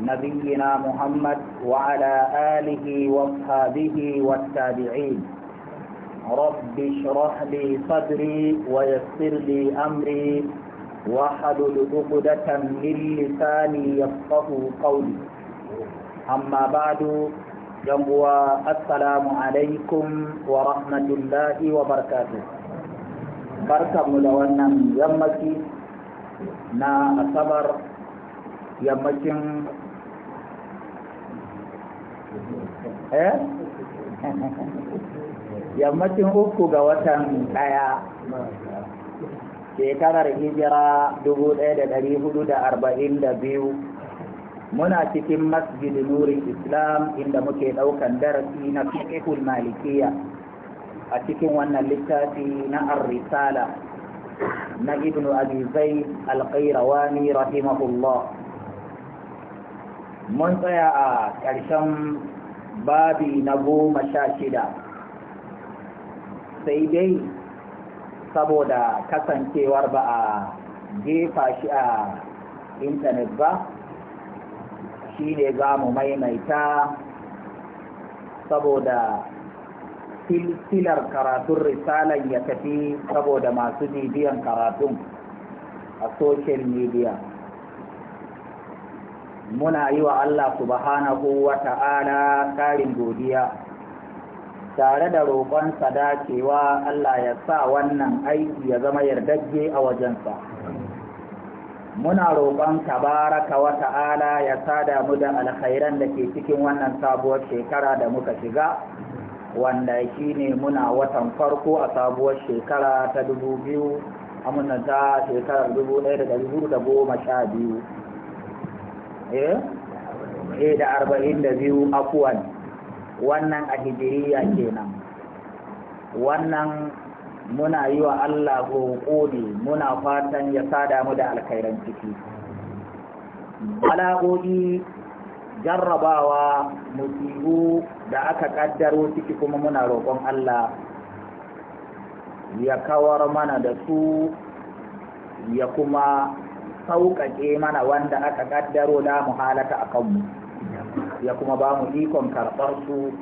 نبينا محمد وعلى آله وصحابه والتابعين رب اشرح لي صدري ويسر لي أمري واحلل عقدة من لساني يفقه قولي أما بعد جنبوا السلام عليكم ورحمة الله وبركاته بركة ملونا يمكي na asabar yammacin Eh? yammacin uku ga watan ɗaya shekarar hijira dubu ɗaya da arba'in da biyu muna cikin masjid nurin islam inda muke ɗaukan darasi na fiqhul malikiya a cikin wannan littafi na ar-risala na ibnu abi zaid al-qayrawani rahimahullah mun tsaya a ƙarshen babi na goma sha shida sai dai saboda kasancewar ba a jefa shi a intanet ba shi ne za mu maimaita saboda silsilar karatun risalan ya tafi saboda masu bibiyan karatun a social media muna yi wa Allah subhanahu wa ta'ala ƙarin godiya tare da roƙonsa dacewa Allah ya sa wannan aiki ya zama yardajje a wajensa muna roƙon tabaraka wa ta'ala ya sada mu da alkhairan da ke cikin wannan sabuwar shekara da muka shiga wanda shi ne muna watan farko a sabuwar shekara ta dubu biyu ta shekarar dubu sha biyu Eh? eh da arba'in da biyu afuwan wannan a hijiriya kenan wannan muna yi wa Allah roƙo ne muna fatan ya sada mu da alkhairan ciki bala'o'i jarrabawa musibu da aka kaddaro ciki kuma muna roƙon Allah ya kawar mana da su ya kuma sauƙaƙe mana wanda aka ƙaddaro la muhalata a kanmu ya kuma ba mu ikon karɓar su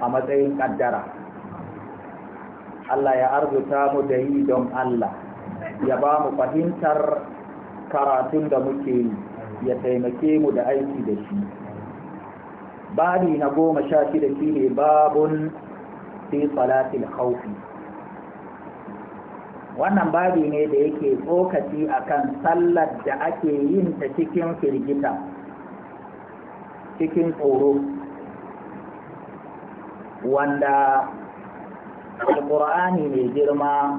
a matsayin ƙaddara Allah ya arzuta mu da yi don Allah ya ba mu fahimtar karatun da muke yi ya taimake mu da aiki da shi babi na goma sha shida shi ne babun fi salatil haufi. wannan babi ne da yake tsokaci a kan sallar da ake yin ta cikin firgita cikin tsoro wanda alkur'ani mai girma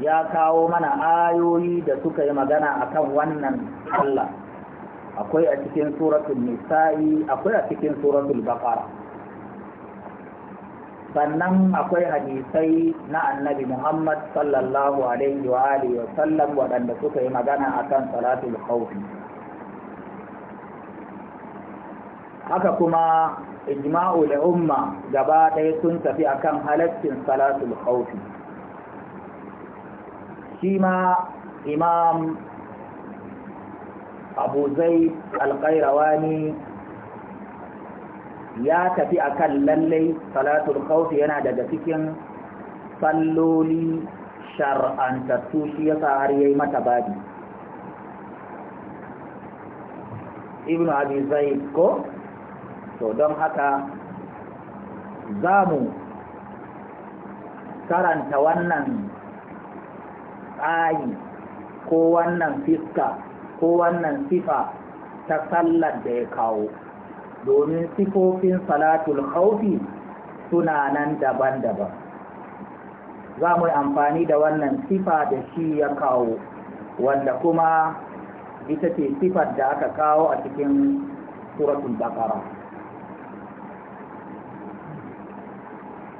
ya kawo mana ayoyi da suka yi magana a kan wannan sallah akwai a cikin suratul nisa'i akwai a cikin suratul baqara sannan akwai hadisai na annabi Muhammad sallallahu alaihi wa alihi wa sallam waɗanda suka yi magana akan salatul khawfi haka kuma ijma'u da umma gaba ɗaya sun tafi akan halaccin salatul khawfi shi ma imam abu zai alƙairawani ya tafi a kan lallai salatul kawfi yana daga cikin salloli shar'antattu shi ya sa har yi mata babi ibnu abi zaid ko to don haka za mu karanta wannan tsari ko wannan fiska ko wannan sifa ta sallar da ya kawo domin sifofin salatul khawfi suna nan daban-daban za mu yi amfani da wannan sifa da shi ya kawo wanda kuma ita ce sifar da aka kawo a cikin suratul baqara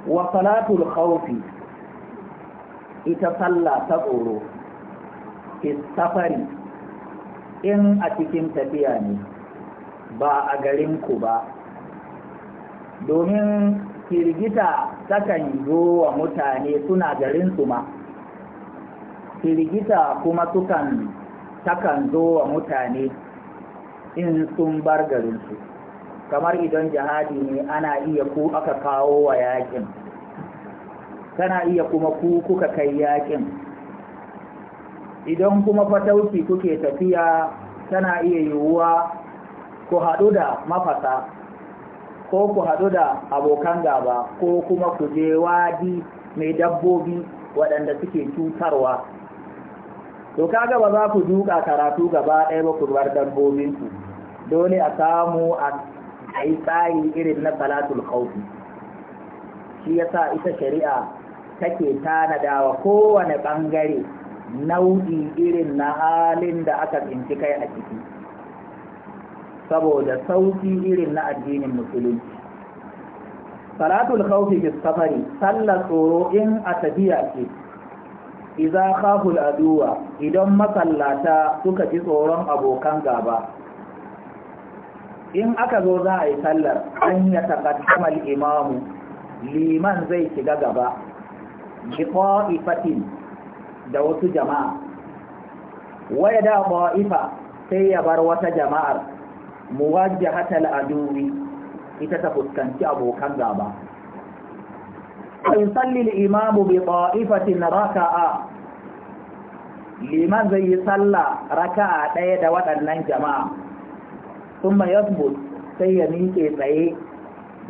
wa salatul khawfi ita sallah ta tsoro ke safari in a cikin tafiya ne ba a garinku ba domin firgita takan zo wa mutane suna garinsu ma firgita kuma sukan takan zo wa mutane in sun bar garinsu kamar idan jihadi ne ana iya ku aka kawo wa yakin kana iya kuma ku kuka kai yakin idan kuma fatauci kuke tafiya tana iya yiwuwa ku haɗu da mafasa ko ku haɗu da abokan gaba ko kuma ku je wadi mai dabbobi waɗanda suke cutarwa to kaga ba za ku duka karatu gaba ɗaya ba ku bar dabbobinku dole a samu a yi tsari irin na salatul khawfi shi yasa ita shari'a take tanadawa kowane ɓangare nau'i irin na halin da aka tsinci kai a ciki saboda sauki irin na addinin musulunci salatul khawfi fi safari sallar tsoro in a tafiya ce idza khafu aduwa idan masallata suka ji tsoron abokan gaba in aka zo za a yi sallar an ya taqaddama al-imamu liman zai shiga gaba bi qa'ifatin da wasu jama'a waya da qa'ifa sai ya bar wata jama'ar muwajjahatal aduwi ita ta fuskanci abokan gaba in salli al-imamu bi ta'ifatin raka'a liman zai yi salla raka'a ɗaya da waɗannan jama'a thumma yasbut sai ya miƙe tsaye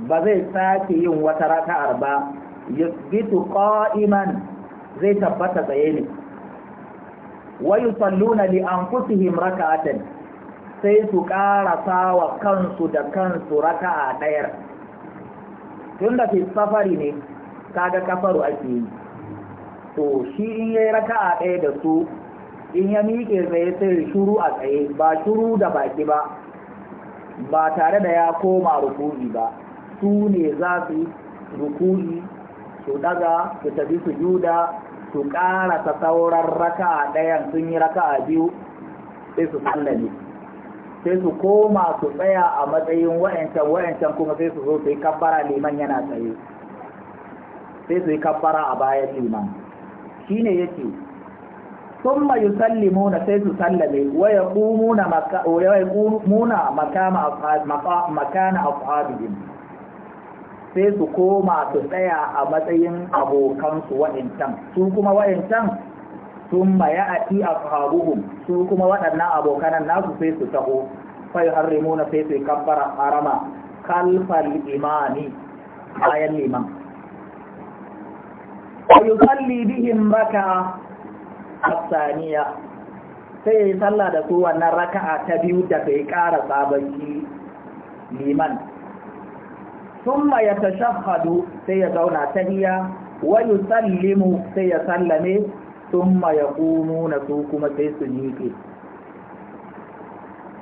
ba zai sake yin wata raka'ar ba yasbitu qa'iman zai tabbata tsaye ne wa yusalluna li anfusihim raka'atan sai su ƙarasa wa kansu da kansu raka a ɗayar tun da fi safari ne kaga kafaru ake yi to shi in yi raka a ɗaya da su in ya miƙe tsaye sai shuru a tsaye ba shuru da baki ba ba tare da ya koma rukuni ba su ne za su yi rukuni su daga su tafi su juda su ƙarasa sauran raka a ɗayan sun yi raka a biyu sai su sallame sai su koma su tsaya a matsayin wa'ancan wa'ancan kuma sai su zo su yi kabbara liman yana tsaye sai su yi kabbara a bayan liman shine yake thumma yusallimuna sai su sallame wa yaqumuna maka wa yaqumuna sai su koma su tsaya a matsayin abokansu wa'ancan su kuma wa'ancan sun يأتي a ti a أبو kuma waɗannan في nasu sai su taho حرما خلف na sai su ويصلي بهم ركعة الثانية liman sai ya salla da su wannan raka'a ta biyu da bai ƙara sabon liman summa ya shahadu sai ya zauna tahiya wa yusallimu sai ya sallame ya yaqumu na su kuma sai su nike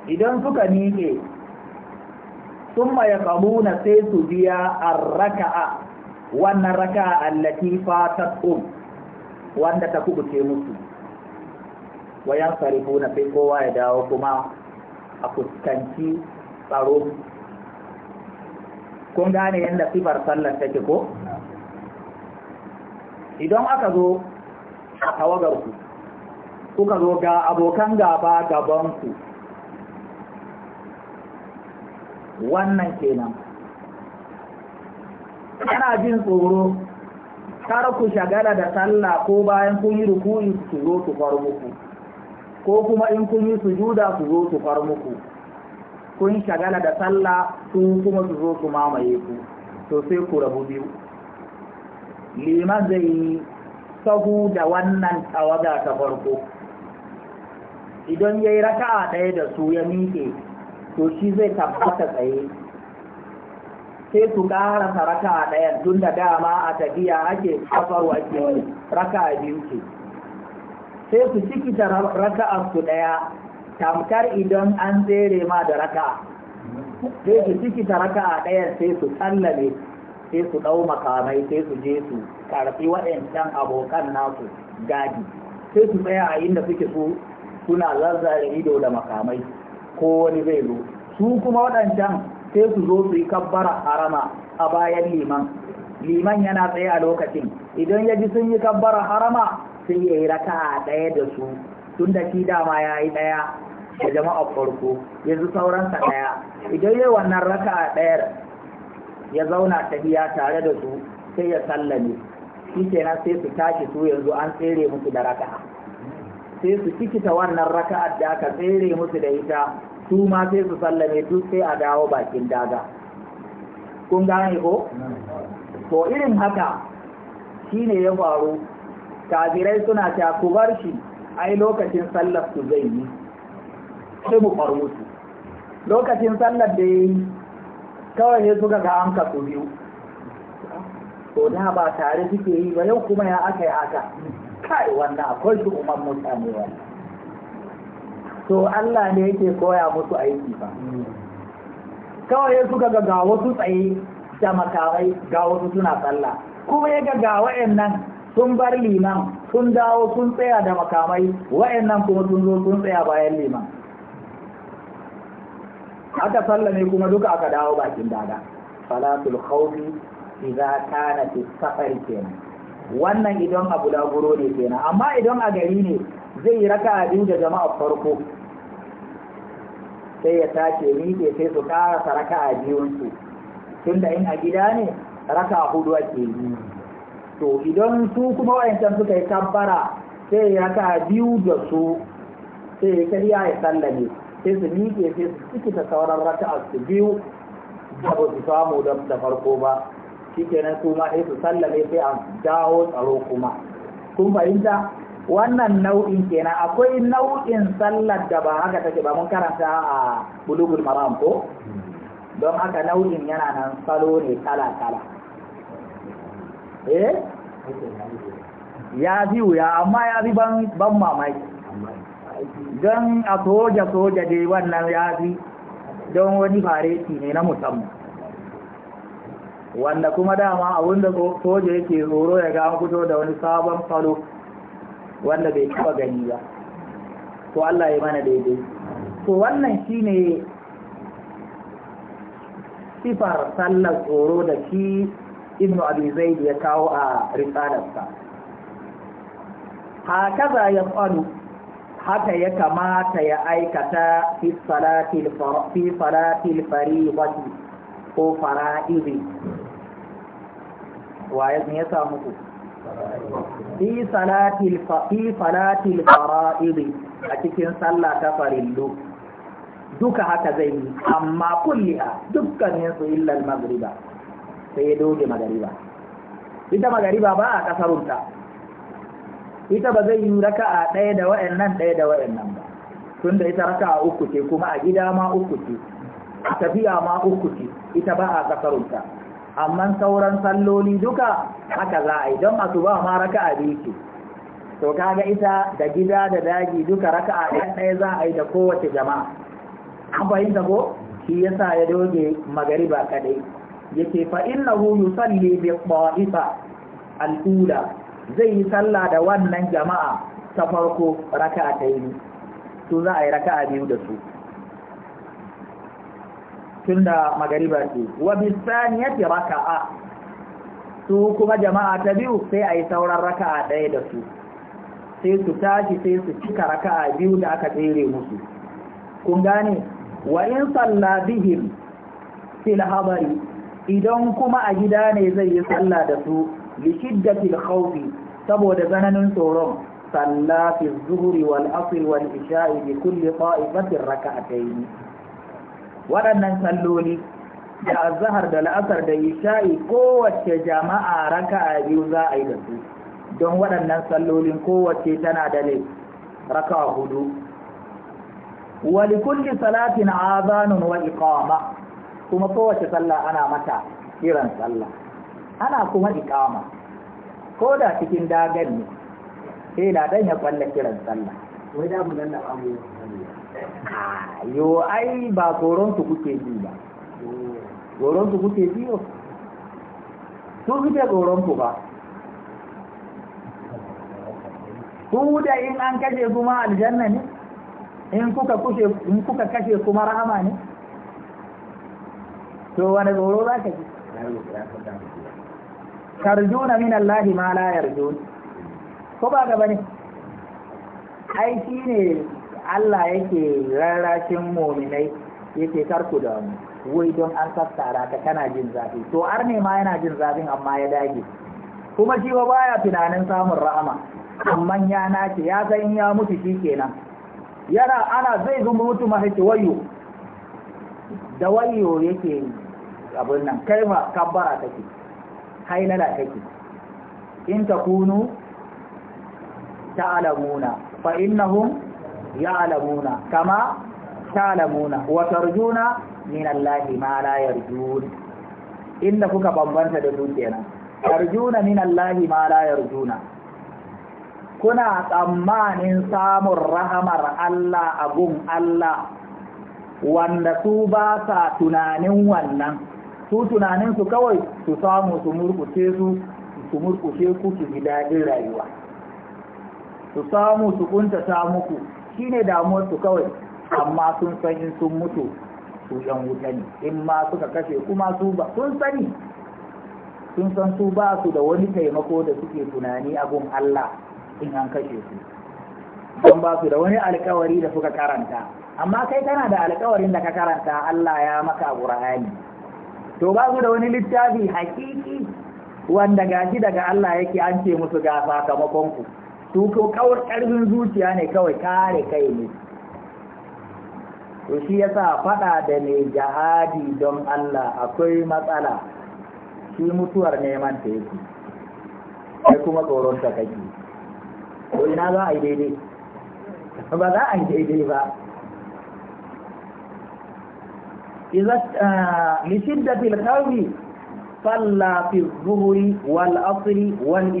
idan suka miƙe ya kamu na sai su biya raka'a wannan raka'a allafi fatar um wanda ta kubuce musu wayan sarifu na sai kowa ya dawo kuma a fuskanci tsaro kun gane yadda sifar sallar take ko idan aka zo a tawagarku kuka zo ga abokan gaba gabanku wannan kenan Yana jin tsoro kar ku shagala da sallah ko bayan kun yi rukuyi su zo su far muku ko kuma in kun yi sujuda su zo su far muku kun shagala da sallah su kuma su zo su mamaye ku to sai ku rabu biyu liman zai yi sahu da wannan tawaga ta farko idan ya yi raka'a ɗaya da su ya miƙe to shi zai tabbata tsaye sai su ƙara ta raka'a ɗaya tun da dama a tafiya ake kafaru ake wani raka'a biyu ce sai su ciki ta raka'a su ɗaya tamkar idan an tsere ma da raka'a sai su ciki ta raka'a ɗaya sai su tsallame sai su ɗau makamai sai su je su karfi waɗancan abokan nasu gadi sai su tsaya a inda suke su suna zazzare ido da makamai ko wani zai zo su kuma waɗancan sai su zo su yi kabbara harama a bayan liman liman yana tsaye a lokacin idan ya ji sun yi kabbara harama sai ya yi raka a ɗaya da su tun da shi dama ya yi ɗaya da jama'a farko yanzu sauransa ɗaya idan yi wannan raka a ɗayar ya zauna tahiya tare da su sai ya sallame shi kenan sai su tashi su yanzu an tsere musu da raka sai su cikita wannan raka'ar da aka tsere musu da ita su ma sai su sallame duk sai a dawo bakin daga kun gane ko to irin haka shine ya faru kafirai suna ta ku bar shi ai lokacin sallar su zai yi sai mu faru su. lokacin sallar da yi kawai ne suka ga an kasu biyu ko da ba tare suke yi ba yau kuma ya aka yi aka kai wanda akwai su umar mutane wani to Allah ne yake koya musu aiki ba kawai ne suka ga ga wasu tsaye da makamai ga wasu suna tsalla kuma ya ga wa'annan sun bar liman sun dawo sun tsaya da makamai wa'annan kuma sun zo sun tsaya bayan liman aka sallame kuma duka aka dawo bakin dada salatul khawfi idza kana fi safar kenan wannan idan abu guro ne kenan amma idan a gari ne zai yi raka abin da jama'a farko sai ya tashi miƙe sai su karasa raka a biyunsu tunda in a gida ne raka hudu ake yi to idan su kuma wayancan suka yi tabbara sai ya raka biyu da su sai ya kariya ya sallame sai su miƙe sai su ciki ta sauran rata'a su biyu da ba su samu da farko ba shikenan su ma sai su sallame sai a dawo tsaro kuma kun fahimta wannan nau'in kenan akwai nau'in sallar da ba haka take ba mun karanta a bulugul maram ko don haka nau'in yana nan salo ne kala kala eh ya fi wuya amma ya fi ban mamaki don a soja-soja dai wannan ya fi don wani fareti ne na musamman wanda kuma dama abinda soja yake tsoro ya ga fito da wani sabon falo wanda bai taba gani ba to Allah ya mana daidai to wannan shine sifar sallar tsoro da shi ibnu abi zaid ya kawo a risalarsa hakaza ya faru haka ya kamata ya aikata fi salatil fariwati ko fara'iri waye ne ya samu ku fi salatil fara'iri a cikin sallah ta farillu duka haka zai yi amma kulli'a dukkanin su illal magriba sai ya doge magariba ita magariba ba a kasarunta ita ba zai yi raka'a ɗaya da wa'annan ɗaya da wa'annan ba tunda ita raka'a uku ce kuma a gida ma uku ce a tafiya ma uku ce ita ba a kasarunta amma sauran salloli duka haka za a yi don asuba ma raka'a biyu ce to kaga ita da gida da daji duka raka'a ɗaya ɗaya za a yi da kowace jama'a an fahimta ko shi yasa ya doge magariba kaɗai. yake fa innahu yusalli bi dha'ifa al-ula zai yi sallah da wannan jama'a ta farko raka'a ta yi su za a yi raka'a biyu da su tun da magariba ce wa bisaniyati raka'a su kuma jama'a ta biyu sai a yi sauran raka'a ɗaya da su sai su tashi sai su cika raka'a biyu da aka tsere musu kun gane wa in salla bihim fil habari idan kuma a gida ne zai yi sallah da su lishiddatil shiddatil khawfi saboda tsananin tsoron salla fi zuhri wal asr wal isha'i bi kulli ta'ifatin raka'atayn waɗannan salloli da azhar da la'asar da isha'i kowace jama'a raka'a biyu za a yi da su don waɗannan sallolin kowace tana da ne raka'a hudu wa li kulli salatin azanun wa iqama kuma kowace sallah ana mata kiran sallah ana kuma ikama ko da cikin dagan ne sai dan ya kwalla kiran sallah wai da mun da amu yo ai ba koron su kuke ji ba koron su kuke ji yo su kuke koron ku ba ku da in an kaje kuma aljanna ne in kuka kushe in kuka kashe kuma rahama ne to wani goro za ka ji tarjuna min Allah ma la yarjun ko ba gaba ne ai shine Allah yake rarrakin mu'minai yake karku da mu wai don an tsara ka kana jin zafi to har ne ma yana jin zafin amma ya dage kuma shi ba baya tunanin samun rahama amma ya nace ya san ya mutu shi kenan yana ana zai zumbu mutu mahaifi wayo da wayo yake abin nan kai ma kabbara take hailala take in takunu ta'lamuna fa innahum ya'lamuna kama ta'lamuna wa tarjuna min Allah ma la yarjun inda kuka bambanta da su kenan tarjuna min Allah ma la yarjuna kuna tsammanin samun rahamar Allah a gun Allah wanda su ba sa tunanin wannan su tunaninsu kawai su samu su murkushe su su murkushe ku su gida daɗin rayuwa su samu su ta muku shine damuwar su kawai amma sun san in sun mutu su yan wuta ne in ma suka kashe kuma su ba sun sani sun san su ba su da wani taimako da suke tunani abun Allah in an kashe su don ba su da wani alkawari da suka karanta amma kai kana da alkawarin da ka karanta Allah ya maka a to ba da wani littafi hakiki wanda gashi daga Allah yake an ce musu ga sakamakon ku to ko kawar karfin zuciya ne kawai kare kai ne to shi yasa fada da mai jihadi don Allah akwai matsala shi mutuwar neman ta yake kai kuma tsoron ta kake Ko ina za a yi daidai ba za a yi daidai ba إذا لشدة الخوف صلى في الظهر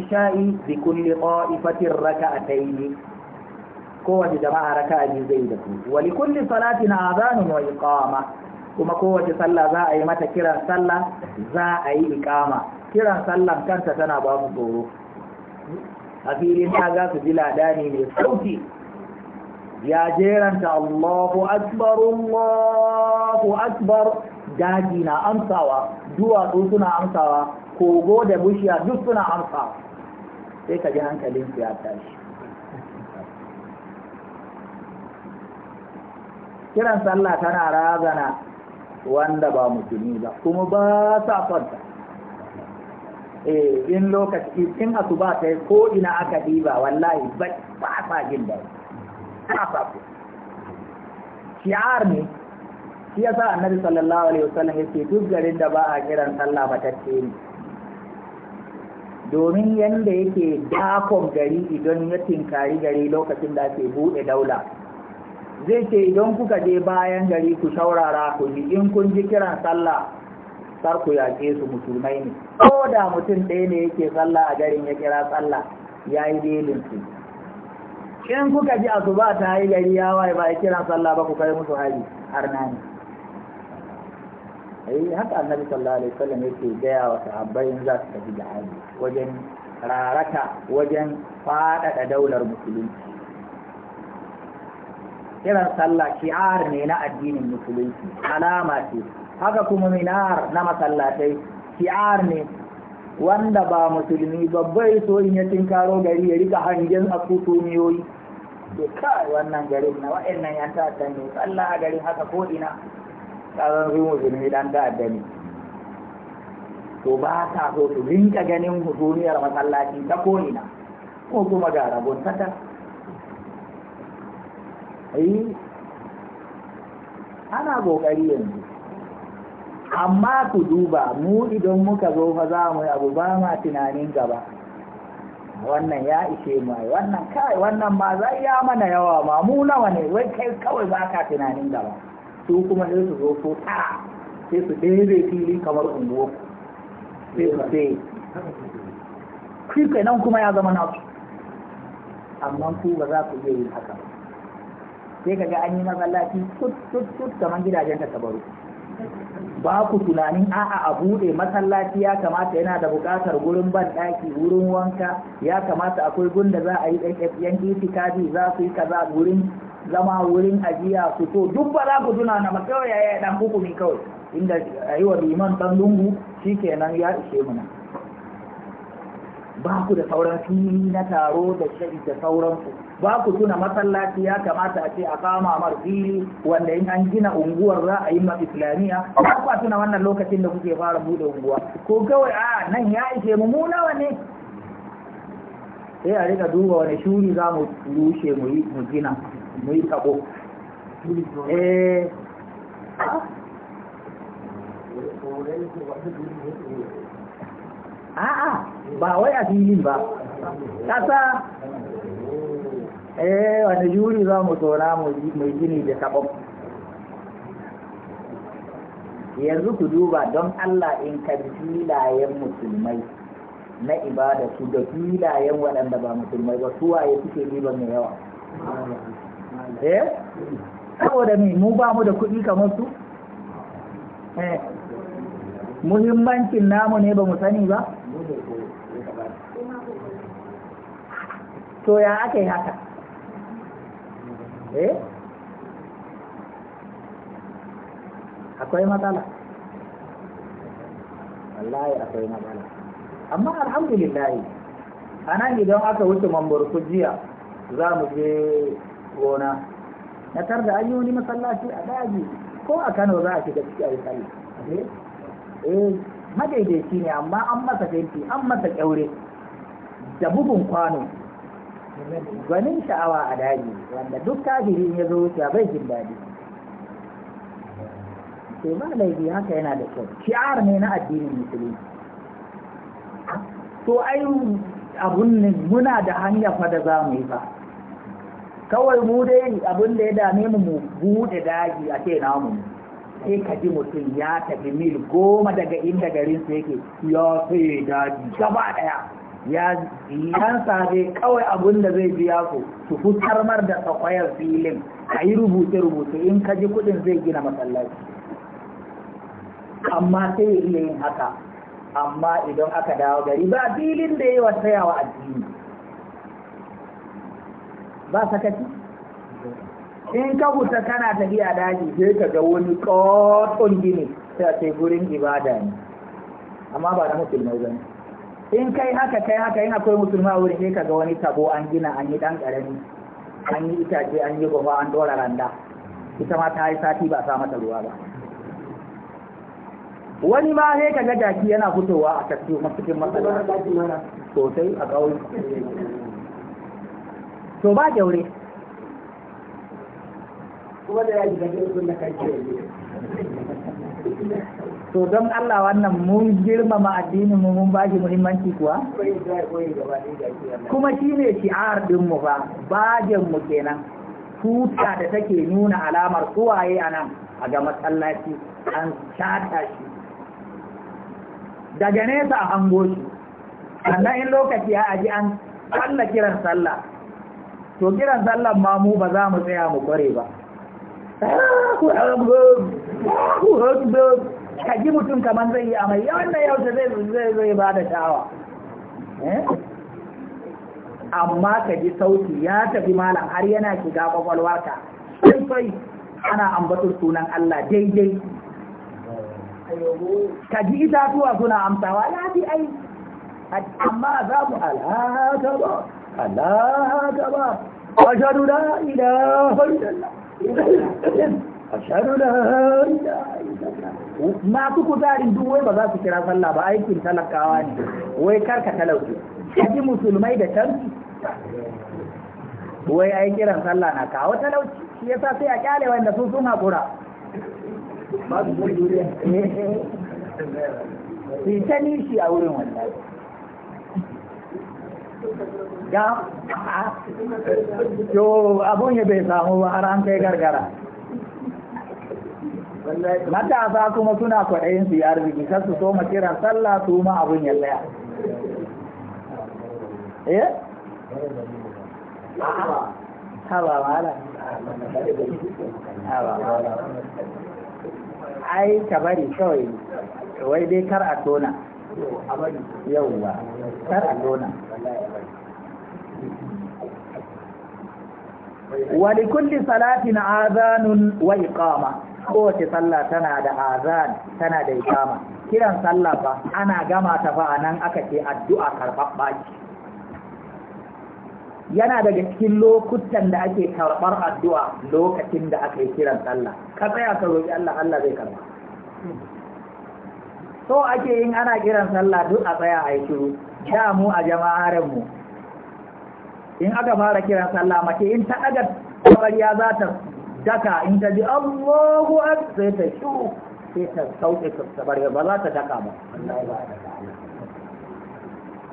jama'a raka بكل طائفة ركعتين قوة جماعة ركعة زيدة ولكل صلاة آذان وإقامة kuma kowace sallah za a yi mata kiran sallah za a yi ikama kiran sallah kanta tana ba su tsoro a filin ta za su ji ladani mai sauki ya jeranta Allahu akbar Allahu akbar daji na amsawa duwatsu suna amsawa kogo da bushiya duk suna amsawa sai ka ji hankalin ya tashi kiran sallah tana razana wanda ba musulmi ba kuma ba sa fanta eh, in lokaci in asuba sai ko ina aka diba wallahi ba sa jin kasa su shi'ar ne shi yasa annabi sallallahu alaihi wasallam yake duk garin da ba a kiran sallah matacce ne domin yanda yake dakon gari idan ya tinkari gari lokacin da ake buɗe daula zai ce idan kuka je bayan gari ku shaurara ku ji in kun ji kiran sallah sar ku yaƙe su musulmai ne ko da mutum ɗaya ne yake sallah a garin ya kira sallah ya yi belin su in kuka ji asuba ta yi gari ya waye ba a kiran sallah ba ku kai musu hari har nani ai haka annabi sallallahu alaihi wasallam yake gaya wa sahabbai in za su tafi da jihadi wajen rarata wajen faɗaɗa daular musulunci kiran sallah shi'ar ne na addinin musulunci alama ce haka kuma minar na masallatai shi'ar ne wanda ba musulmi babbai so in ya tinkaro gari ya rika hangen a kutumiyoyi ce wannan garin na wa'annan ya ta'adda ne Allah a garin haka ko ina tsaron zuwa zunubi dan ta'adda ne to ba ta so su rinka ganin duniyar masallaci ta ko ina ko kuma ga rabon tata ai ana kokari yanzu amma ku duba mu idan muka zo fa za mu yi abu ba ma tunanin gaba wannan ya ishe mai wannan kai wannan ma zai ya mana yawa ma mu nawa ne wai kai kawai ba ka tunanin gaba su kuma sai su zo so tara sai su dai fili kamar ungo sai su sai shi nan kuma ya zama nasu amma ku ba za ku iya yin haka sai ka ga an yi masallaci tut tut tut kamar gidajen ta tabaru ba ku tunanin a'a a buɗe masallaci ya kamata yana da buƙatar gurin ban ɗaki wurin wanka ya kamata akwai gunda za a yi yan kaji za su yi kaza wurin zama wurin ajiya su to duk ba za ku tuna na makawai ya yi ɗan hukumi kawai inda a yi wa liman ɗan lungu shi kenan ya ishe mu nan ba ku da sauran fili na taro da shari da sauransu ba ku tuna masallaci ya kamata a ce a kama mar fili wanda in an gina unguwar za a yi ma islamiya ba ku tuna wannan lokacin da kuke fara bude unguwa ko kawai a nan ya ishe mu mu nawa ne sai a rika duba wani shuri za mu rushe mu yi mu gina mu yi kabo eh a'a ba wai a fili ba ƙasa eh wani juri za mu tsora mai gini da kaɓon yanzu ku duba don Allah in ka filayen musulmai na ibada su da filayen waɗanda ba musulmai ba su waye suke riba mai yawa eh saboda me mu ba mu da kuɗi kamar su eh muhimmancin namu ne ba mu sani ba to ya aka yi haka eh akwai matsala wallahi akwai matsala amma alhamdulillah a nan idan aka wuce mamburku jiya za mu je gona na tar da an yi wani masallaci a daji ko a kano za a shiga ciki a yi eh? eh madaidaici ne amma an masa fenti an masa kyaure da bugun kwano gwanin sha'awa a daji wanda duk kafirin ya zo wuce bai jin daɗi sai ba laifi haka yana da kyau shi'ar ne na addinin musulunci to ai abun ne muna da hanya fa da za mu yi fa kawai mu dai abun da ya dame mu mu bude daji a ce namu sai ka ji mutum ya tafi mil goma daga inda garinsu yake ya sai daji gaba ɗaya ya sabe kawai abun da zai biya ku su fitar mar da tsakwayar filin a yi rubuce-rubuce in ka ji kudin zai gina masallaci amma sai ya ilayin haka amma idan aka dawo gari ba filin da yi wa a addini ba sakaci in ka huta kana tafiya daji sai ka ga wani kotun gini sai a gurin ibada ne amma ba na musulmai ba ne in kai haka kai haka in akwai musulma wuri wurin ka wani tabo an gina an yi dan karami an yi itace an yi goma an dora randa ita ma ta yi sati ba sa mata ruwa ba wani ma sai kaga jaki yana fitowa a tafi cikin matsala sosai a ƙauye to ba jaure kuma da ya ji gajiyar sun da kan to don Allah wannan mun girmama addinin mu mun bashi muhimmanci kuwa kuma shi ne shi'ar din ba, fa bajin mu kenan tuta da take nuna alamar suwaye nan, a ga masallaci an shata shi daga nesa a hango shi sannan in lokaci ya aji an kalla kiran sallah to kiran Sallah ma mu ba za mu tsaya mu kware ba ku ka ji mutum kamar zai yi amai wannan yaushe zai zai zai ba da shawa eh? amma ka ji sauti ya tafi malam har yana shiga kwakwalwarka sai sai ana ambatar sunan Allah daidai ka ji itatuwa suna amsawa ya fi ai amma za mu alaka ba alaka ba ashadu la ilaha illallah ashadu la ilaha illallah masu kuzarin duk wai ba za su kira sallah ba aikin talakawa ne wai karka talauci kaji musulmai da tanki wai ai kiran sallah na kawo talauci shi yasa sai a kyale wanda su sun hakura su ta nishi a wurin wannan. ga abun ya bai samu ba har an kai gargara matasa kuma suna kwaɗayin su yi arziki kar su soma kiran sallah su ma abun yallaya eh haba mala haba mala ai ka bari kawai wai dai kar a tona yauwa kar a tona salatin azanun wa iqama kowace sallah tana da azan tana da ikama kiran sallah ba ana gama ta fa nan aka ce addu'a karɓaɓɓa yana daga cikin lokutan da ake karɓar addu'a lokacin da aka yi kiran sallah ka tsaya ka roƙi Allah Allah zai karba so ake yin ana kiran sallah duk a tsaya a yi shiru da mu a jama'arin mu in aka fara kiran sallah mace in ta daga kabariya za ta daka in ta ji Allahu akbar sai ta shu sai ta sauke ta ba za ta daka ba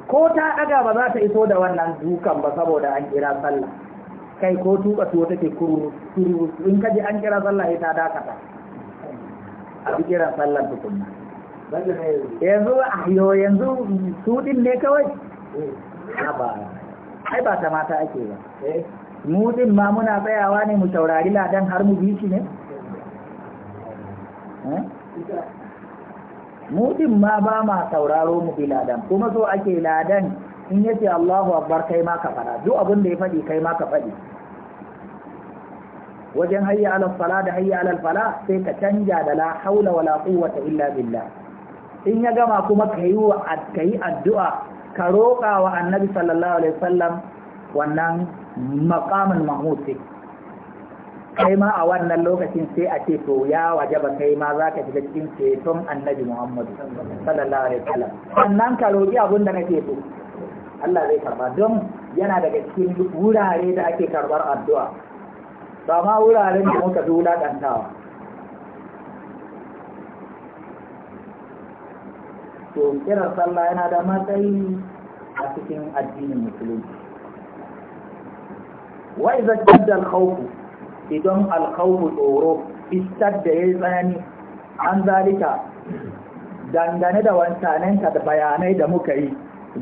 ko ta daga ba za ta iso da wannan dukan ba saboda an kira sallah kai ko tuka tuwo take kuru kuru in ka ji an kira sallah sai ta ta a bi kira sallar tukunna yanzu ahyo yanzu su din ne kawai ba ai ba ta mata ake ba mu din ma muna tsayawa ne mu taurari ladan har mu bishi ne eh? mu din ma ba ma sauraro mu bi ladan kuma so ake ladan in yace Allahu akbar kai ma ka fara duk abin da ya faɗi kai ma ka faɗi wajen hayya ala fala da hayya ala fala sai ka canja da la haula wala quwwata illa billah in ya gama kuma kai wa kai addu'a ka roƙa wa annabi sallallahu alaihi wasallam wannan makamin mahmud kai ma a wannan lokacin sai a ce to ya wajaba kai ma za ka shiga cikin ceton annabi muhammadu sallallahu alaihi wasallam sannan ka roƙi abin da kake so Allah zai karba don yana daga cikin wurare da ake karbar addu'a ba ma wuraren da muka dula kantawa to kiran sallah yana da matsayi a cikin addinin musulunci wa idza tadda al-khawf idan al-khawf tsoro istadda yayi tsanani an zalika dangane da wancanenka da bayanai da muka yi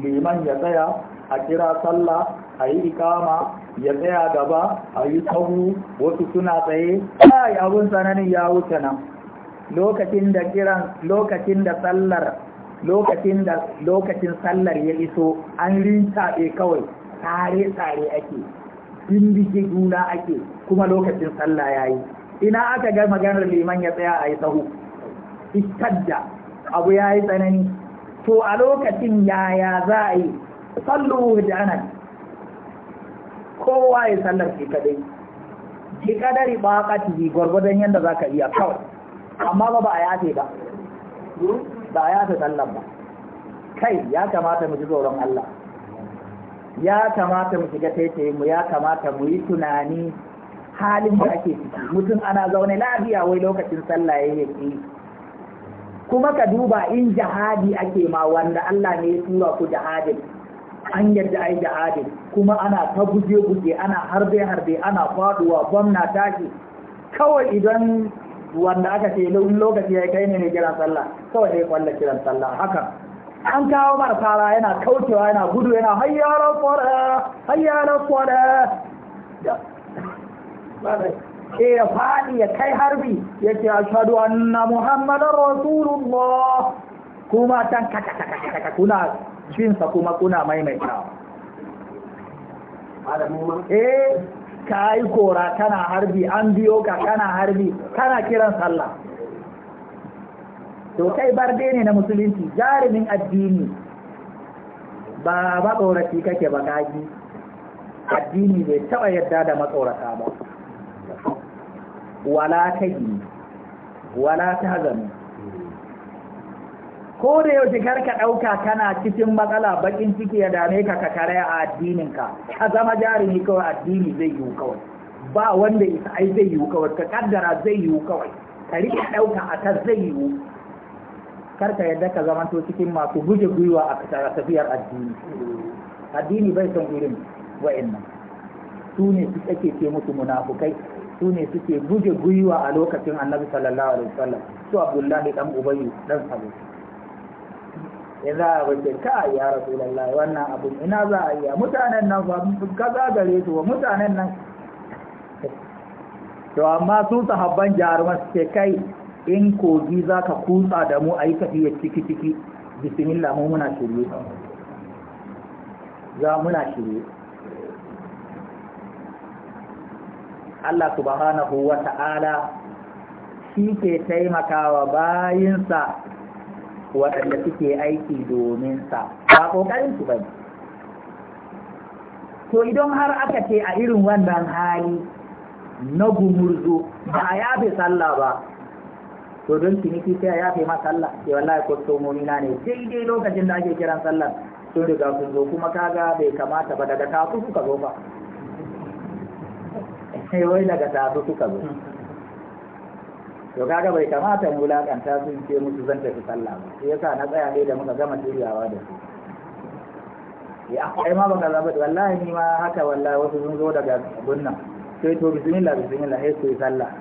liman ya tsaya a kira sallah a yi ikama ya tsaya gaba a yi tsawo wasu suna tsaye yi abun tsananin ya wuce nan lokacin da kiran lokacin da sallar lokacin da lokacin sallar ya iso an rinta kawai tare tare ake bimbike juna ake kuma lokacin sallah yayi ina aka ga maganar liman ya tsaya a yi sahu istadda abu yayi tsanani to a lokacin yaya za a yi sallu ana kowa ya sallar shi kadai ki kadari ba ka tibi gwargwadon yadda za ka iya kawai amma ba ba a yafe ba ba a yafe sallar ba kai ya kamata mu ji tsoron Allah ya kamata mu shiga taitaye mu ya kamata mu yi tunani halin da ake ciki mutum ana zaune lafiya wai lokacin sallah ya yi kuma ka duba in jihadi ake ma wanda Allah ne ya tura ku jihadin an yadda ai jihadin kuma ana ta guje-guje ana harbe-harbe ana faduwa gwamna tashi kawai idan wanda aka ce lokaci ya kai ne ne kiran sallah kawai dai kwallon kiran sallah haka an kawo marasara yana kaucewa yana gudu yana hayyarar kwada hayyarar kwada ke eh, ya faɗi ya kai harbi ya ce ashadu anna muhammadar rasulullah kuma can kakakakaka kuna jinsa kuma kuna maimaitawa eh ka yi kora kana harbi an biyo ka kana harbi kana kiran sallah to kai barde ne na musulunci jarumin addini ba ba tsoraki kake ba gaji addini bai taɓa yadda da matsorata ba wala ta yi wala ta zama. ko da yau kar ka ɗauka kana cikin matsala bakin ciki ya dame ka ka kare a addininka ka zama jarumi kawai addini zai yiwu kawai ba wanda isa ai zai yiwu kawai ka kaddara zai yiwu kawai ka riƙe ɗauka a ta zai yiwu karka yadda ka zamanto cikin masu guje gwiwa a tafiyar addini addini bai son irin wa'annan su ne su ake ce musu munafukai su ne suke guje gwiwa a lokacin annabi sallallahu alaihi wasallam su abdullahi dan ubayyu dan sabo ya za a bace ka ya lallai wannan abu ina za a yi mutanen nan fa kaza gare su wa mutanen nan to amma su sahabban jaruman suke kai in kogi za ka kutsa da mu a yi tafiya ciki-ciki bismillah mu muna shirye za muna shirye Allah subhanahu wa ta'ala shi ke taimakawa bayinsa waɗanda suke aiki domin sa ba ƙoƙarin su bane to idan har aka ce a irin wannan hali na gumurzu ba a yafe sallah ba to don ciniki sai ya fi masa sallah sai wallahi kwastomomi na ne daidai lokacin da ake kiran sallah to daga sun zo kuma kaga bai kamata ba daga tasu suka zo ba sai wai daga tasu suka zo to kaga bai kamata mu lakanta sun ce musu zan tafi sallah ba sai yasa na tsaya ne da muka gama shiryawa da su ya ai ma baka zaba wallahi ni ma haka wallahi wasu sun zo daga gunnan sai to bismillah bismillah sai su yi sallah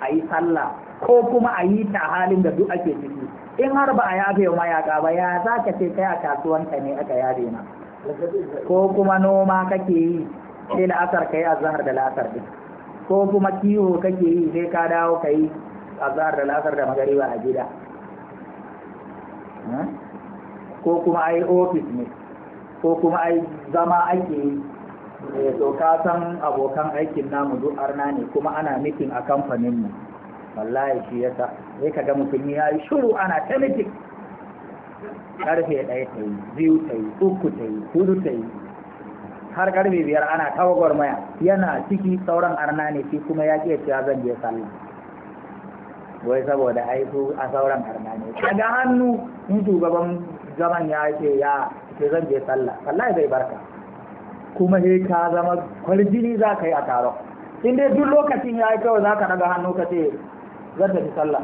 a yi sallah ko kuma a yi ta halin da duk ake ciki in har ba a yafe wa mayaka ba ya za ka ce kai a kasuwanka ne aka yafe na ko kuma noma kake yi sai la'asar ka yi zahar da la'asar din ko kuma kiwo kake yi sai ka dawo ka yi a zahar da la'asar da magariba a gida hmm? ko kuma ai ofis ne ko kuma ai zama ake yi Eh, to ka san abokan aikin namu duk arna ne kuma ana mitin a kamfanin mu wallahi shi yasa sai kaga mutum ya yi shiru ana ta mitin karfe ɗaya ta yi biyu ta yi uku ta yi hudu ta yi har karfe biyar ana tawagwar maya yana ciki sauran arna ne shi kuma ya ke cewa zan je sallah wai saboda aiku a sauran arna ne kaga hannu in shugaban zaman ya ce ya ce zan je sallah wallahi bai barka kuma sai ka zama kwaljini za ka yi a taron in dai duk lokacin ya yi kawai za ka daga hannu ka ce zan tafi sallah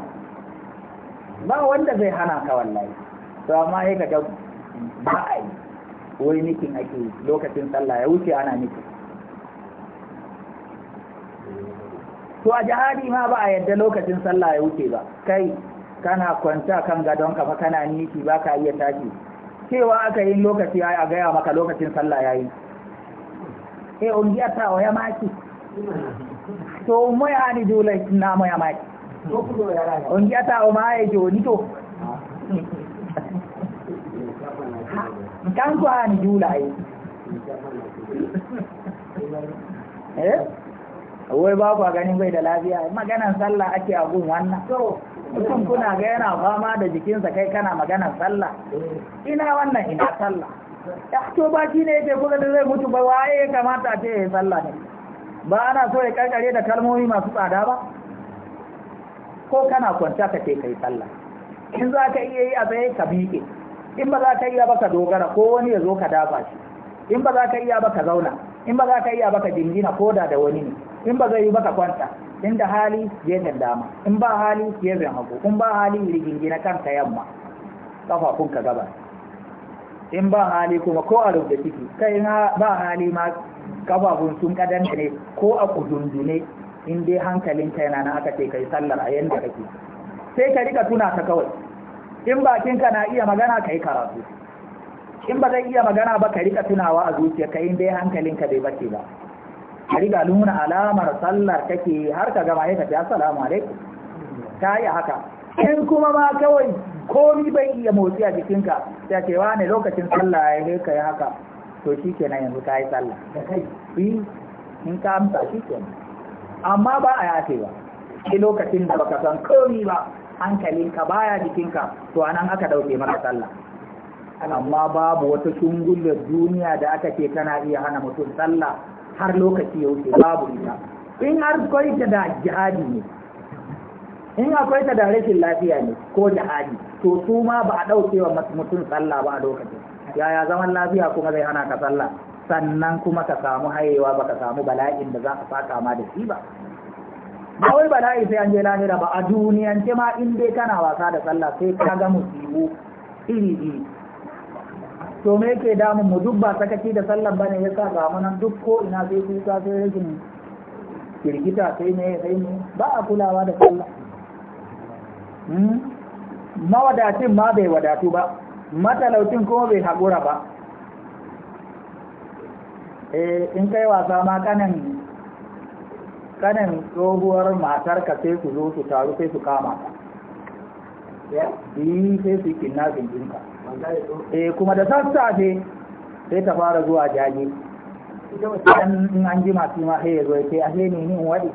ba wanda zai hana ka wallahi to amma sai ka ga ba a yi wai nikin ake lokacin sallah ya wuce ana nikin to a jihadi ma ba a yadda lokacin sallah ya wuce ba kai kana kwanta kan gadon ka fa kana niki ba ka iya tashi cewa aka yi lokaci a gaya maka lokacin sallah ya yi. e o yi'ata o yamaki to moyaani duulay naamo yamaki on yi'ata o maaye jooni to kanko haani juula e eh wai babu a ganin bai da lafiya maganan sallah ake a gun wannan mutum kuna ga yana fama da jikinsa kai kana maganan sallah ina wannan ina sallah to ba shi ne yake kula da zai mutu ba waye ya kamata ce ya tsalla ne ba ana so ya karkare da kalmomi masu tsada ba ko kana kwanta ka ce ka yi tsalla in za ka iya yi a tsaye ka biƙe in ba za ka iya ba ka dogara ko wani ya zo ka dafa shi in ba za ka iya ba ka zauna in ba za ka iya ba ka jingina ko da da wani ne in ba zai yi ba ka kwanta in da hali yi dama in ba hali gefen hagu in ba hali rigingina kanka yamma kafafunka gabas in ba hali kuma ko a rubuta ciki kai ba hali ma kafafun sun kadan ne ko a ne in dai hankalin ka yana na aka ce kai sallar a yanda kake sai ka rika tuna ta kawai in bakin ka na iya magana kai karatu in ba zai iya magana ba ka rika tunawa a zuciya ka in dai hankalin ka bai bace ba ka rika nuna alamar sallar kake har ka gama ya tafi assalamu alaikum ta yi haka in kuma ma kawai komi bai iya motsi a jikinka ya ce wa ne lokacin sallah ya yi ka haka to shi kenan yanzu ka yi sallah in ka amsa shi kenan amma ba a yafe ba sai lokacin da baka san komi ba hankalinka baya jikinka to anan aka dauke maka sallah amma babu wata shungullar duniya da aka ce kana iya hana mutum sallah har lokaci ya wuce babu ita in har koyi da jihadi ne in akwai ta da rashin lafiya ne ko jihadi to su ma ba a ɗauke wa mutum sallah ba a lokacin yaya zaman lafiya kuma zai hana ka sallah sannan kuma ka samu hayewa ba ka samu bala'in da za ka saka ma da shi ba ba wai bala'i sai an je lahira ba a duniyance ma in dai kana wasa da sallah sai ka ga musibu iri iri to me yake damun mu duk ba sakaci da sallah bane yasa ga mu nan duk ko ina sai kuka sai rashin kirkita sai ne sai ne ba a kulawa da sallah Hmm? mawadacin ma bai wadatu ba matalautin kuma bai haƙura ba eh, in kai wasa ma kanin kanin tsohuwar ka sai su zo su taru sai su kama ka biyi sai su yi kinnafin ɗinka eh, kuma da sassafe sai ta fara zuwa jaje in an ji masu ma sai ya zo ya ce a ne ni in waɗi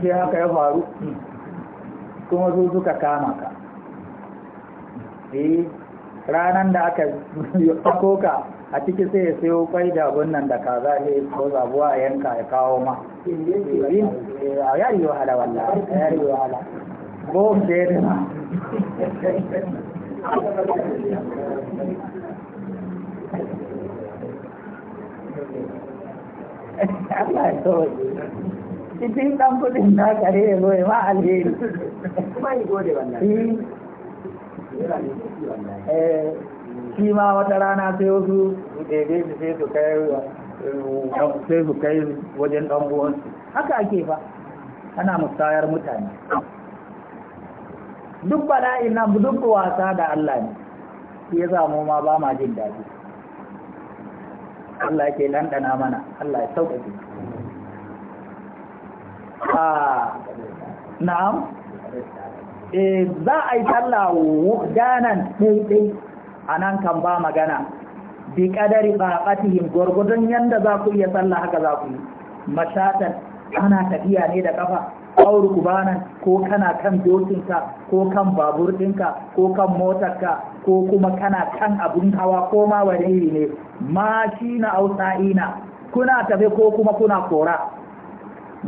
sai haka ya faru hmm. kuma wasu suka kama ka eh ranan da aka yi ka a ciki sai ya sayo kwai da gunnan da ka za ne ko zabuwa a yanka ya kawo ma eh, a yari wahala walla a yari wahala ko da ya Allah ya cikin ɗan kudin na kare ya zo ya ma alheri kuma yi gode wannan eh. eh, shi ma wata rana sai wasu ɗebe su sai su kai sai su kai wajen ɗan buwansu haka ake fa ana musayar mutane duk bala'in nan duk wasa da Allah ne shi ya zamo ma ba ma jin daɗi Allah ke ɗanɗana mana Allah ya sauƙaƙe Ah, na'am eh, za a yi sallah wukdanan ɗaiɗai a nan kan ba magana bi ƙadari ɓaɓatihim gwargwadon yadda za ku iya sallah haka za ku yi mashatan ana tafiya ne da ƙafa auru kubanan ko kana kan dokinka ko kan babur ɗinka ko kan motarka ko kuma kana kan abin hawa ko ma wani ne ma shi na ausa'ina kuna tafe ko kuma kuna kora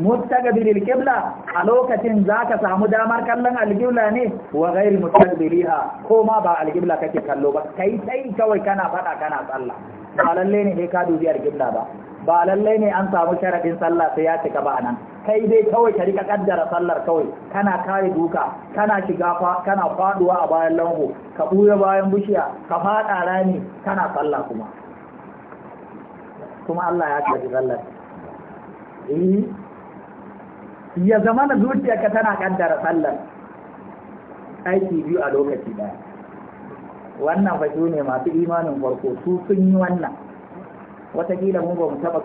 mustaqbilil qibla a lokacin zaka samu damar kallon alqibla ne wa ghairi mustaqbiliha ko ma ba alqibla kake kallo ba kai sai kawai kana fada kana sallah ba lalle ne ka dubi alqibla ba ba lalle ne an samu sharadin sallah sai ya cika ba anan kai dai kawai ka rika kaddara sallar kawai kana kare duka kana shiga fa kana faduwa a bayan lango ka buya bayan bushiya ka fada rani kana sallah kuma kuma Allah ya karbi sallar eh? ya zama na zuciyarka tana kaddara sallar aiki biyu a lokaci daya wannan fa ne masu imanin farko su sun yi wannan watakila mun ba mu taɓa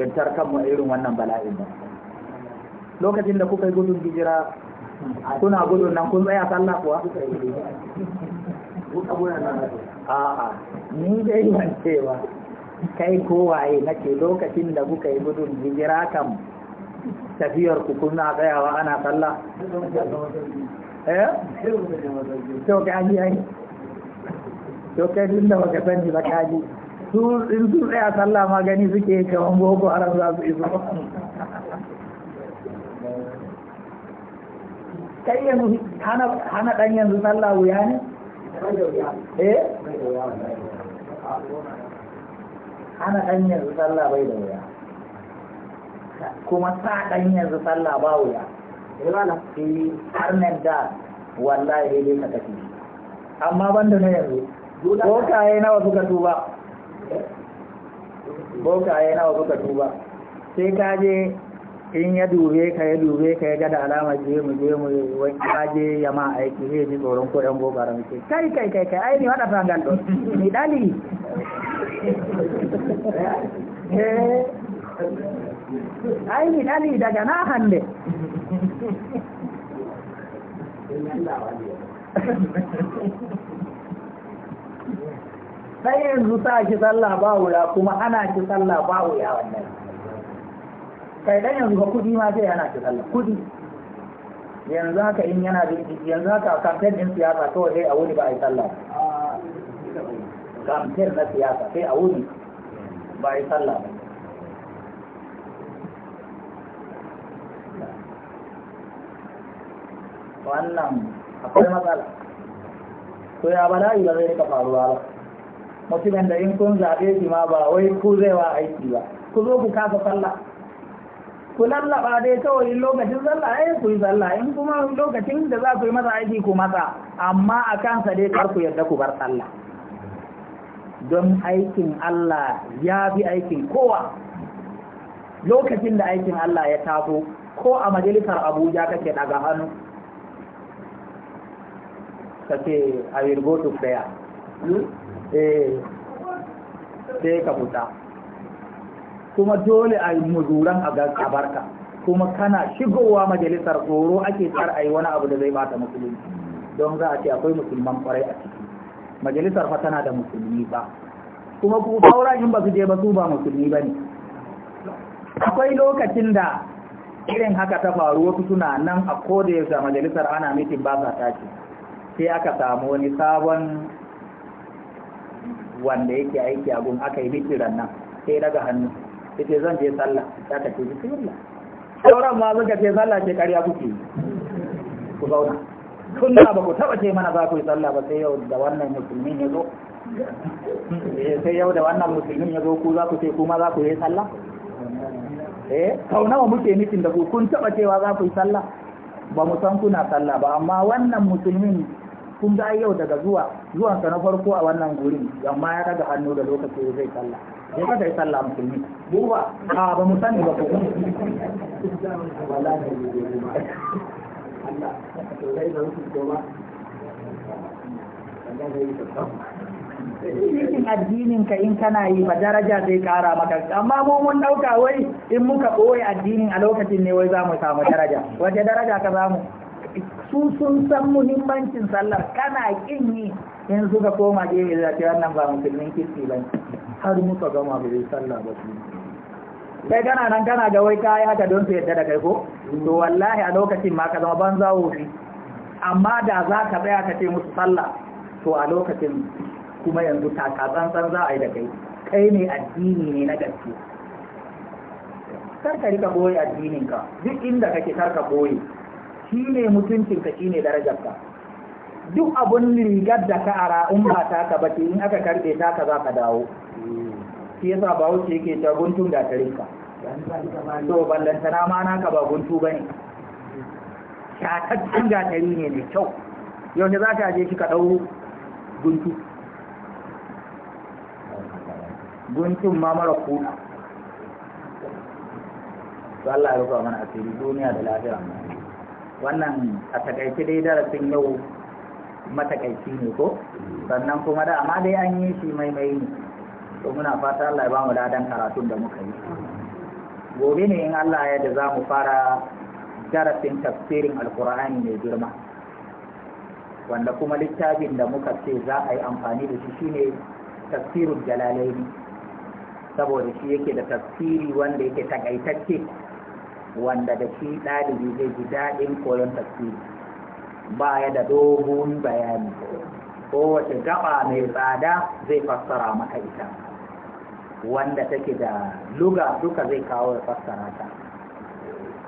gantar kanmu irin wannan bala'in ba lokacin da kuka yi gudun hijira kuna gudun nan kun tsaya sallah kuwa a ni dai ban cewa kai kowaye nake lokacin da kuka yi gudun hijira kanmu tafiyar ku kuna tsayawa ana sallah eh? to kai din da baka sani ba kaji in tsaya sallah ma gani suke kaman boko haram za su iso kai yanzu hana dan yanzu sallah wuya ne eh hana dan yanzu sallah bai da wuya kuma sa yanzu sallah ba wuya eh, eh, har nan da wallahi dai ka tafi amma banda na yanzu bokaye nawa suka tuba bokaye nawa suka tuba sai ka je in ya dube ka ya dube ka ya gada alamar je mu je mu wani kaje ya ma aiki zai ji tsoron ko yan boko ran ce kai kai kai kai ai ni wada fa don ni dali eh. ai ali daga na hande sai yanzu sa ki sallah ba wuya kuma ana ki sallah ba wuya wannan kai dan yanzu ka kudi ma sai ana ki sallah kudi yanzu haka in yana da yanzu haka a kamfen din siyasa kawai sai a wuri ba a yi sallah kamfen na siyasa sai a wuri ba a yi sallah ba wannan akwai matsala to ya ba yi ba zai rika faruwa ba mutumin da in kun zaɓe shi ma ba wai ku zai wa aiki ba ku zo ku kasa sallah ku lallaba dai kawai lokacin sallah ai eh, ku yi sallah in kuma lokacin da za ku yi masa aiki ku masa amma a kansa dai kar ku yarda ku bar sallah don aikin Allah ya fi aikin kowa lokacin da aikin Allah ya taso ko a majalisar Abuja kake daga hannu ka a will go to prayer hmm? eh sai ka fita kuma dole a yi muduran a barka kuma kana shigowa majalisar tsoro ake tsar a yi wani abu da zai bata musulunci don za a ce akwai musulman kwarai a ciki majalisar fa tana da musulmi ba kuma ku saura in ba su je ba su ba musulmi ba ne akwai lokacin da irin haka ta faru wasu suna nan a koda yasa majalisar ana mitin ba ta ce. sai aka samu wani sabon wanda yake aiki a gun aka yi hijiran nan sai daga hannu sai zan je sallah ta ka ce bismillah sauran ma suka ce sallah ce karya kuke ku zauna tun ba ku taɓa ce mana za ku yi sallah ba sai yau da wannan musulmin ya zo eh, sai yau da wannan musulmin ya zo ku za ku ce kuma za ku yi sallah eh sau nawa muke mitin da ku kun taɓa cewa za ku yi sallah ba mu san kuna sallah ba amma wannan musulmin kun ga yau daga zuwa zuwan sa na farko a wannan gurin amma ya daga hannu da lokaci zai sallah sai ka yi sallah musulmi buba a ba mu sani ba ko cikin addinin ka in kana yi ba daraja zai kara maka amma mu mun dauka wai in muka ɓoye addinin a lokacin ne wai za mu samu daraja wace daraja ka zamu su sun san muhimmancin sallar kana kin yi yanzu ka koma gefe da ce wannan ba musulmin kirki ba har muka gama bai sallah ba su kai kana nan kana ga wai kai haka don su yadda da kai ko to wallahi a lokacin ma ka zama banza wofi amma da za ka tsaya ka ce musu sallah to a lokacin kuma yanzu taka tsantsan za a yi da kai kai ne addini ne na gaske kar ka rika boye addinin ka duk inda kake kar ka boye shi ne ka shi ne darajarka duk abun rigar da ka ara in ba ta ka bace in aka karbe ta ka za ka dawo shi yasa ba wuce yake ta guntun da ta rinka to ballantana ma naka ba guntu bane shatattun gatari ne mai kyau ne za ka je shi ka ɗau guntu guntun ma mara kuna Allah ya rufa mana asiri duniya da lafiya wannan a takaice dai darasin yau matakaici ne ko sannan kuma da amma dai an yi shi maimai ne to muna fata Allah ya ba mu ladan karatun da muka yi gobe ne in Allah ya da za mu fara darasin tafsirin alkur'ani mai girma wanda kuma littafin da muka ce za a yi amfani da shi shine tafsirul jalalaini saboda shi yake da tafsiri wanda yake takaitacce wanda da shi ɗalibi zai ji daɗin koyon tafsiri baya da dogon bayani kowace gaba mai tsada zai fassara maka ita wanda take da luga duka zai kawo ya fassara ta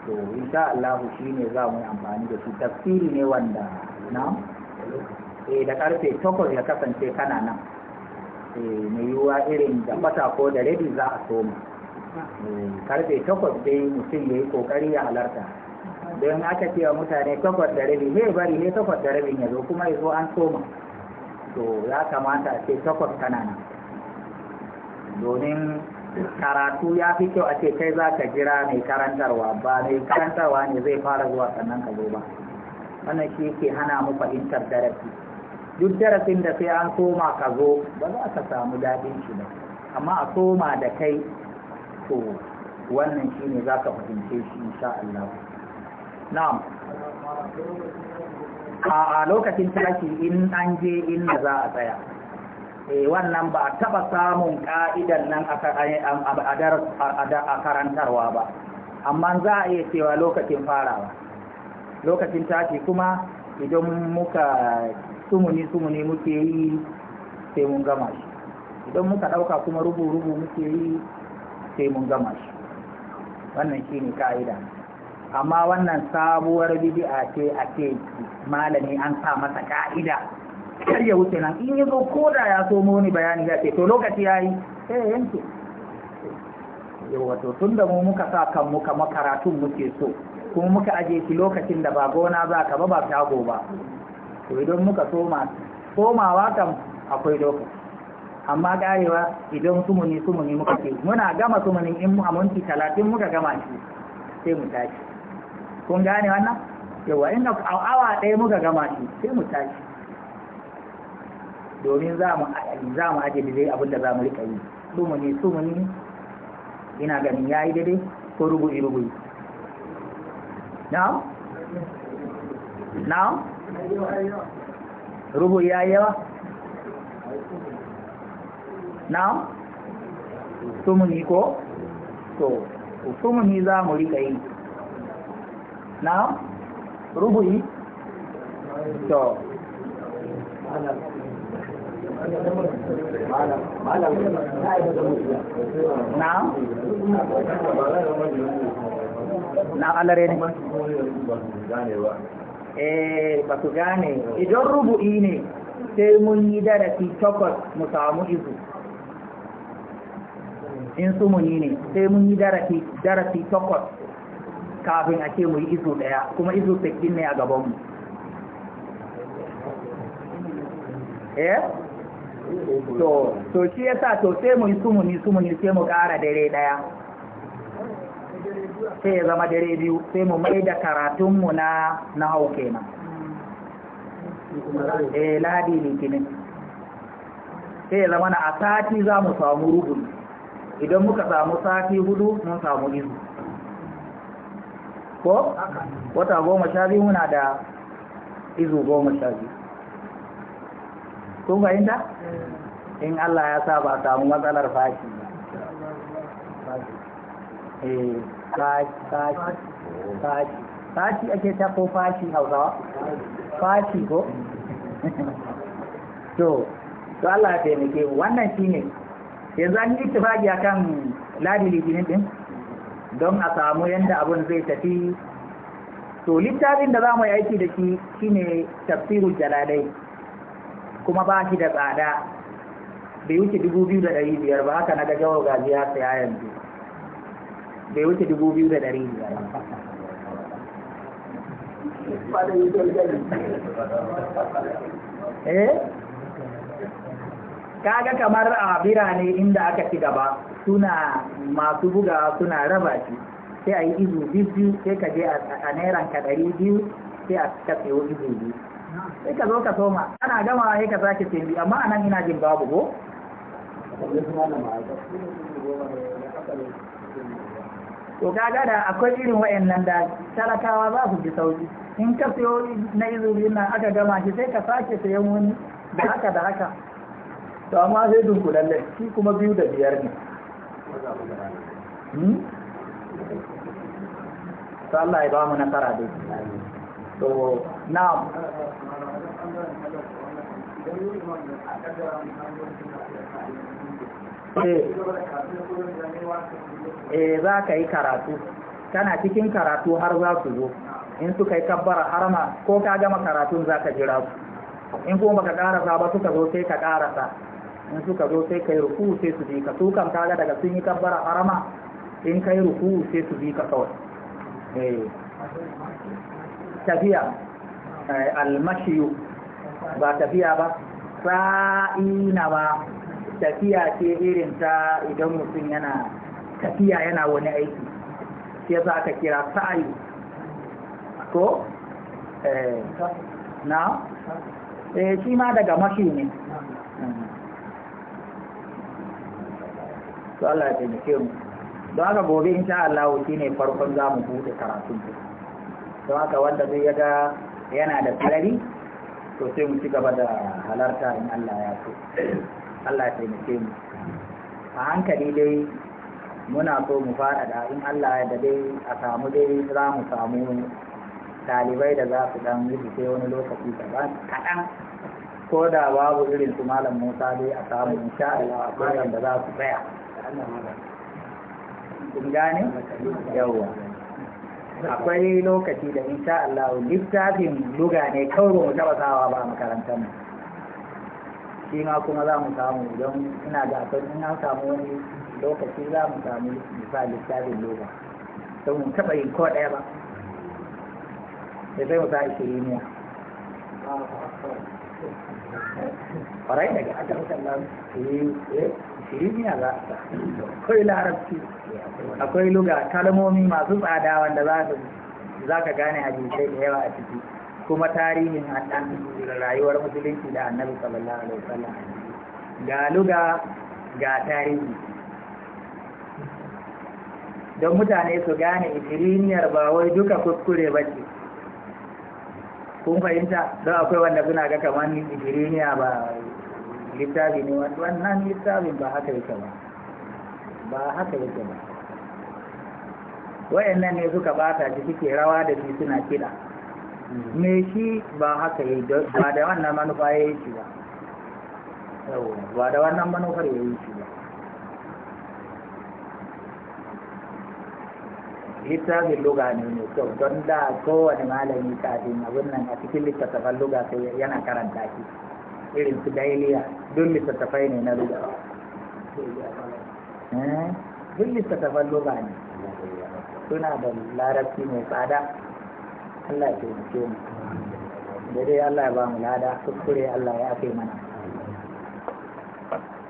to insha Allah shi ne za mu yi amfani da shi tafsiri ne wanda na eh da karfe takwas ya kasance kana nan eh mai yiwuwa irin da ko da rabi za a soma karfe takwas dai mutum ya yi kokari ya halarta don aka cewa mutane takwas da rabi zai bari ne takwas da rabin ya zo kuma ya zo an soma to ya kamata a ce takwas kana nan domin karatu ya fi kyau a ce kai za ka jira mai karantarwa ba mai karantarwa ne zai fara zuwa sannan ka zo ba wannan shi ke hana mu fahimtar darasi duk darasin da sai an soma ka zo ba za ka samu daɗin shi ba amma a soma da kai to wannan shi ne za ka fahimce shi insha Allah na'am a lokacin tashi in an je inda za a tsaya eh wannan ba a taba samun ka'idan nan a karantarwa ba amma za a iya cewa lokacin farawa lokacin tashi kuma idan muka sumuni-sumuni muke yi sai mun gama shi idan muka ɗauka kuma rubu-rubu muke yi sai mun gama shi wannan shi ne ka'ida amma wannan sabuwar bidi'a ce a ce malami an sa masa ka'ida kar ya wuce nan in yazo ko da ya so mu ni bayani ya ce to lokaci ya yi, sai ya yanke yawa to da mu muka sa kan muka makaratun muke so kuma muka aje shi lokacin da ba gona za ka ba ba shago ba to idan muka soma somawa kan akwai lokaci amma garewa idan sumuni sumuni muka ce muna gama sumunin in mu a minti talatin muka gama shi sai mu tashi kun gane wannan yawa inda awa ɗaya muka gama shi sai mu tashi domin za mu aje da zai abin da za mu rika yi sumuni sumuni ina ganin ya yi daidai ko rubuyi-rubuyi. now now Rubuyi ya yi yawa na sumuni ko to sumuni za mu rika yi na rubu'i to na na alare ne eh ba ku gane idan rubu'i ne sai mun yi darasi takwas mu samu izu in sumuni ne sai mun yi darasi darasi takwas kafin a ce mu yi izu daya kuma izu sakin ne a gabanmu eh to to shi yasa to sai mu yi sumuni sumuni sai mu ƙara dare daya sai ya zama dare biyu sai mu mai da mu na na hau kenan eh ladi litinin sai ya zama na a sati za mu samu rubutu idan muka samu sati hudu mun samu izu ko wata goma sha biyu muna da izu goma sha biyu kun fahimta in Allah ya sa ba samu matsalar fashi eh, fashi fashi ake ta ko fashi hausawa fashi ko to to Allah ya taimake wannan shine yanzu an yi ittifaki akan ladi litinin don a samu yadda abun zai tafi to littafin da za mu aiki da shi shine tafsirul jalalai kuma ba shi da tsada bai wuce dubu biyu da ɗari biyar ba haka na ga jawo gajiya saya yanzu bai wuce dubu biyu da ɗari biyar eh kaga kamar a birane inda aka ci gaba suna masu buga suna raba shi sai a yi izu biyu sai ka je a Naira ka ɗari biyu sai a ka tsewo izu biyu sai ka zo ka soma ana gama sai ka sake tsimbi amma anan ina jin babu ko to kaga da akwai irin wayannan da talakawa za su ji sauki in ka siyo na izu biyu nan aka gama shi sai ka sake sayan wani da haka da haka to amma sai dunkulallen shi kuma biyu da biyar ne hmm? to Allah ya ba mu nasara dai to na eh, eh za ka yi karatu kana cikin karatu har za su zo in suka yi kabbara ma ko ka gama karatun za ka jira su in kuma baka karasa ba suka zo sai ka karasa in suka zo sai kai ruku sai su bi ka su kan kaga daga sun yi kabbara harama in kai ruku sai su bi ka kawai eh. tafiya eh, almashiyu ba tafiya ba sa'ina ba tafiya ce irin ta idan mutum yana tafiya yana wani aiki sai za ka kira sa'ayi ko eh. na shi ma daga mashi ne Allah ya taimake mu don haka gobe insha Allah ne farkon za mu bude karatun don haka wanda zai yaga yana da sarari to sai mu ci gaba da halarta in Allah ya so Allah ya taimake mu a hankali dai muna so mu faɗaɗa in Allah ya da dai a samu dai za mu samu ɗalibai da za su dan yi sai wani lokaci kaɗan ko da babu irin su malam Musa dai a samu insha Allah a da za su tsaya kun gane yawwa akwai lokaci da insha Allah littafin luga ne kawai mu taba sawa ba makarantar mu shi ma kuma za mu samu don ina da akwai in an samu wani lokaci za mu samu misali littafin luga don mu taba yin ko ɗaya ba da sai mu sa shiri ne ƙwarai daga aka mutan nan kirimiya za a akwai larabci akwai luga kalmomi masu tsada wanda za ka gane hadisai da yawa a ciki kuma tarihin haɗan rayuwar musulunci da annabi sallallahu alaihi wasallam ga luga ga tarihi don mutane su gane ikiriniyar ba wai duka kuskure ba ce kun fahimta don akwai wanda suna ga kamar ikiriniya ba littafi ne wannan littafin ba haka yake ba ba haka yake ba wayannan ne suka bata shi suke rawa da shi suna kiɗa me shi ba haka yi ba da wannan manufa ya shi ba ba da wannan manufar ya shi ba littafin luga ne mai kyau don da kowane malami kafin abin nan a cikin littattafan luga sai yana karanta shi irin su dailiya don littattafai ne na lura eh, duk littattafan lura ne suna da larabci mai tsada Allah ya taimake mu da dai Allah ya ba mu lada kuskure Allah ya fi mana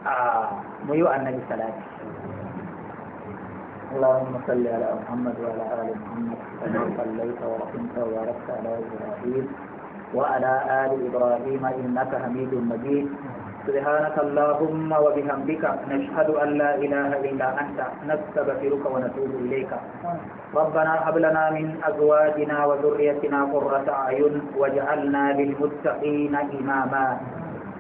a mu yi annabi salati اللهم صل على محمد وعلى ال محمد كما صليت ورحمت وباركت على ابراهيم وعلى آل إبراهيم إنك حميد مجيد سبحانك اللهم وبحمدك نشهد أن لا إله إلا أنت نستغفرك ونتوب إليك ربنا هب لنا من أزواجنا وذريتنا قرة أعين واجعلنا للمتقين إماما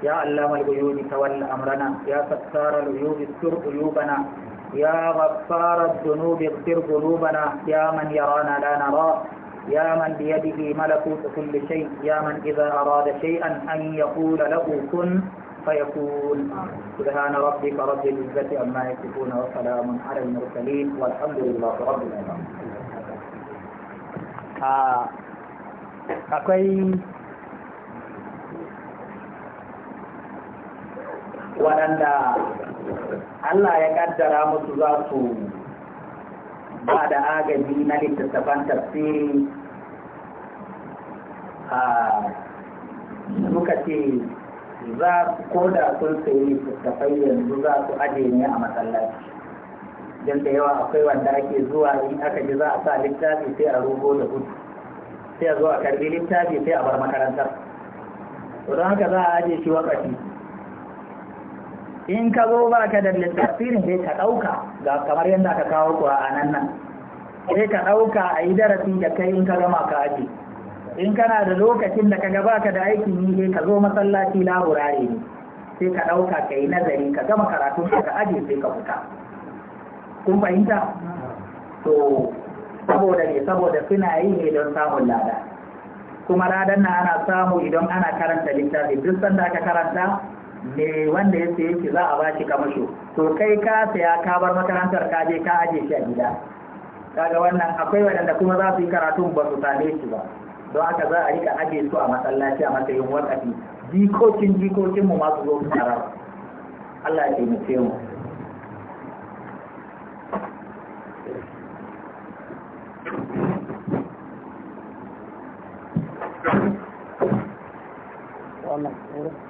يا علام الغيوب تول أمرنا يا ستار العيوب استر عيوبنا يا غفار الذنوب اغفر قلوبنا يا من يرانا لا نراه يا من بيده ملكوت كل شيء يا من إذا أراد شيئا أن يقول له كن فيكون سبحان ربك رب العزة عما يصفون وسلام على المرسلين والحمد لله رب العالمين akwai waɗanda Allah ya ƙaddara musu za ba da agaji na littattafan tafsiri a suka ce za ko da sun sayi littattafai yanzu za su aje ne a masallaci don da yawa akwai wanda ake zuwa in aka ji za a sa littafi sai a rugo da gudu sai a zo a karbi littafi sai a bar makarantar don haka za a aje shi wakati in ka zo ba ka da littafin, sai ka ɗauka ga kamar yadda ka kawo ƙura'anan nan sai ka ɗauka a yi darasi da kai in ka gama ka aji in kana da lokacin da ka gaba ka da aikin yi sai ka zo masallaci lahurare ne sai ka ɗauka ka yi nazari ka gama karatun ka aji sai ka fita kun fahimta to saboda ne saboda suna yi ne don samun lada kuma ladan na ana samu idan ana karanta littafi duk sanda aka karanta me wanda ya saye shi za a ba shi kamasho to kai ka saya ka bar makarantar ka je ka aje shi a gida kaga wannan akwai waɗanda kuma za su yi karatu ba su same shi ba don haka za a rika aje su a masallaci a matsayin wakafi jikokin jikokin mu masu zo su tarar Allah ya taimake mu you.